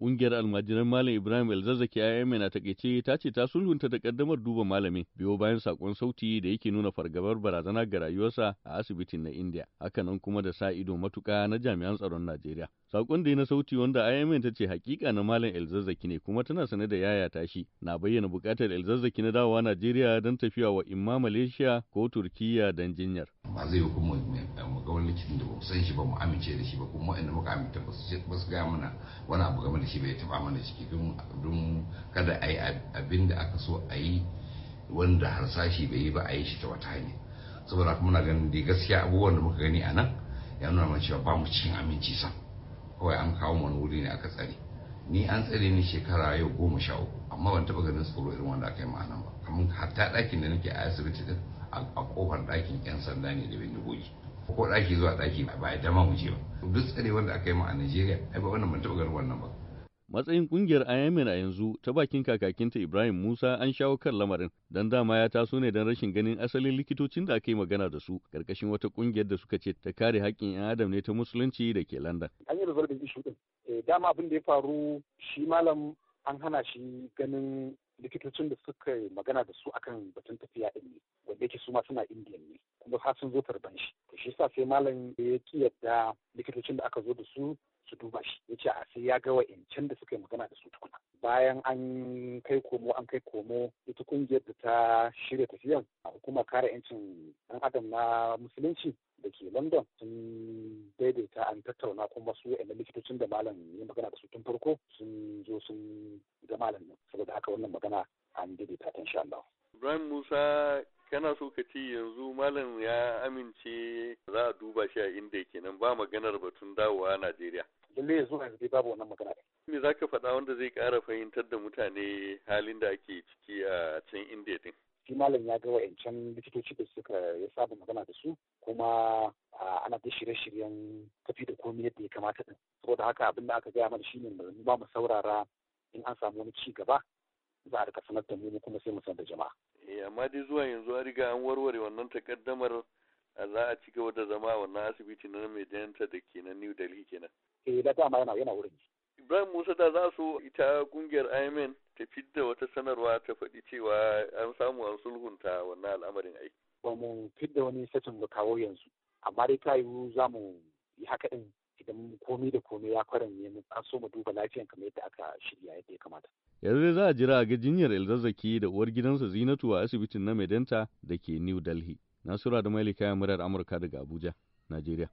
Ƙungiyar almajiran Malam Ibrahim Elzazzaki IMN na takaice ta ce ta sulhunta takaddamar duba malamin biyo bayan sakon sauti da yake nuna fargabar barazana ga rayuwarsa a asibitin na India. Hakanan kuma da sa ido matuka na jami'an tsaron Najeriya. Sakon da na sauti wanda IMN ta ce hakika na Malam Elzazzaki ne kuma tana sane da yaya tashi na bayyana buƙatar Elzazzaki na dawowa Najeriya don tafiya wa imma Malaysia ko Turkiya don jinyar. Ba zai hukumar mulkin da mu san shi ba mu amince da shi ba kuma waɗanda muka amince ba su gaya mana wani abu game da shi bai taba mana ciki don kada a yi abin da aka so a yi wanda harsashi bai yi ba a yi shi ta wata hanya saboda kuma muna ganin dai gaskiya abubuwan da muka gani a nan ya nuna mana cewa ba mu cikin aminci sam kawai an kawo mana wuri ne aka tsare ni an tsare ni shekara yau goma sha uku amma ban taɓa ganin tsoro irin wanda aka yi ma'ana ba kamar hatta ɗakin da nake a asibiti din a kofar ɗakin 'yan sanda ne da bindigogi ko ɗaki zuwa ɗaki ba ya dama mu je ba duk tsare wanda aka yi mu a Najeriya ai ba wannan mun taɓa garin wannan ba matsayin kungiyar IMN a yanzu ta bakin kakakinta Ibrahim Musa an shawo kan lamarin dan dama ya taso ne don rashin ganin asalin likitocin da aka yi magana da su karkashin wata kungiyar da suka ce ta kare haƙƙin 'yan adam ne ta musulunci da ke London. An yi resolving shi din. Eh, dama abin da ya faru shi malam an hana shi ganin likitocin da suka magana da su akan batun tafiya din ne wanda yake su ma suna Indiya ne kuma har sun zo tarban shi. shi sa sai malam ya ki yadda likitocin da aka zo da su su duba shi ya ce a sai ya ga wa'incan da suka yi magana da su tukuna bayan an kai komo an kai komo ita kungiyar da ta shirya tafiyan a hukumar kare 'yancin ɗan adam na musulunci da ke london sun daidaita an tattauna kuma su yana likitocin da malam ya magana da su tun farko sun zo sun ga malam saboda haka wannan magana an daidaita ta insha Allah. Ibrahim Musa kana so ka ce yanzu malam ya amince za a duba shi a inda nan ba maganar batun dawowa a Najeriya. Lalle yanzu yanzu dai babu wannan magana. Me za ka faɗa wanda zai ƙara fahimtar da mutane halin da ake ciki a can inda din? Shi malam ya ga wa'ancan likitoci da suka ya saba magana da su kuma ana ta shirye-shiryen tafi da komai yadda ya kamata din. Saboda haka abin da aka gaya mana shine ba mu saurara in an samu wani ci gaba za a rika sanar da mu kuma sai mu sanar da jama'a. eh amma dai zuwa yanzu an riga an warware wannan takaddamar a za a ci gaba da zama wannan asibiti na mai danta da ke na New Delhi kenan eh da dama yana yana wurin Ibrahim Musa da za su ita kungiyar IMN ta fidda wata sanarwa ta faɗi cewa an samu an sulhunta wannan al'amarin ai ba mu fidda wani satin da kawo yanzu amma dai ta yiwu za mu yi haka din idan komai da komai ya kwaranye mu an so mu duba lafiyan kamar yadda aka shirya yadda ya kamata yanzu za a jira ga jinyar elzazzaki da uwar gidansa zinatu a asibitin na Medenta da ke new delhi nasura da mailika murar amurka daga abuja najeriya